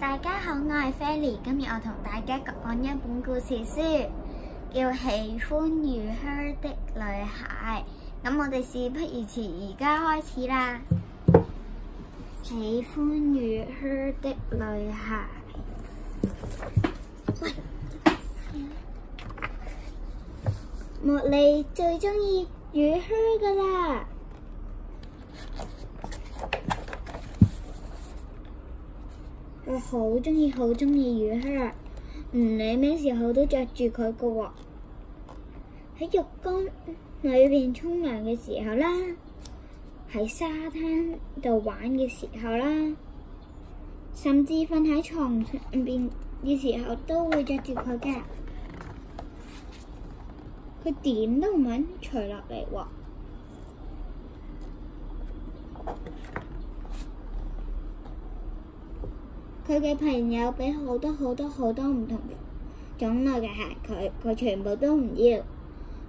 大家好，我係 Fanny，今日我同大家講一本故事書，叫《喜歡雨靴的女孩》。咁我哋事不宜遲，而家開始啦！喜歡雨靴的女孩，茉莉最鍾意雨靴噶啦。好中意，好中意雨靴，唔理咩時候都着住佢噶喎。喺浴缸裏邊沖涼嘅時候啦，喺沙灘度玩嘅時候啦，甚至瞓喺床上邊嘅時候都會着住佢嘅。佢點都唔肯除落嚟喎。佢嘅朋友畀好多好多好多唔同種類嘅鞋，佢佢全部都唔要，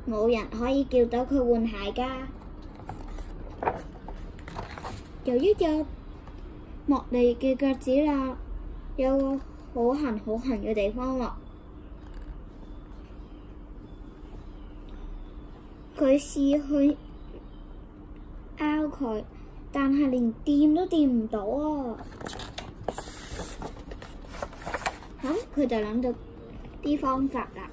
冇人可以叫到佢換鞋噶。有一日莫莉嘅腳趾咯有個好痕好痕嘅地方喎，佢試去拗佢，但係連掂都掂唔到啊！佢就諗到啲方法啦，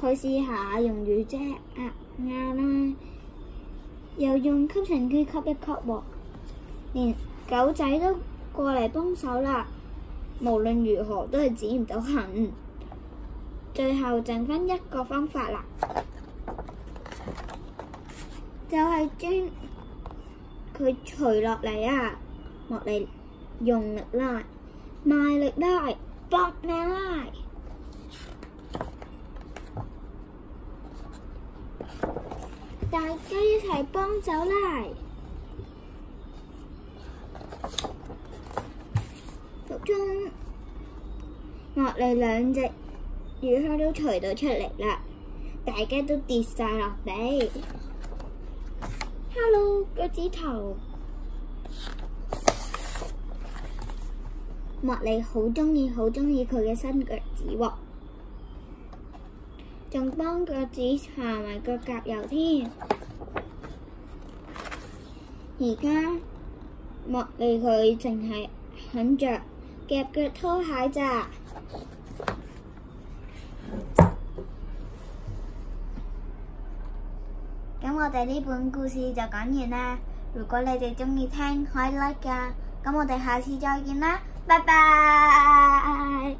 去試下用雨遮，壓壓、啊、啦、啊啊啊；又用吸塵機吸一吸、喔，連狗仔都過嚟幫手啦。無論如何都係止唔到痕，最後剩返一個方法啦，就係將佢除落嚟啊！落嚟用力拉，賣力拉。搏命啦！大家一齊幫手啦！途中惡力兩隻雨靴都除到出嚟啦，大家都跌晒落地。Hello，腳趾頭。莫莉好鍾意，好鍾意佢嘅新腳趾喎，仲幫腳趾搽埋腳甲油添。而家莫莉佢淨係肯著夾腳拖鞋咋。咁我哋呢本故事就講完啦。如果你哋鍾意聽，可以 like 㗎。咁我哋下次再見啦。拜拜。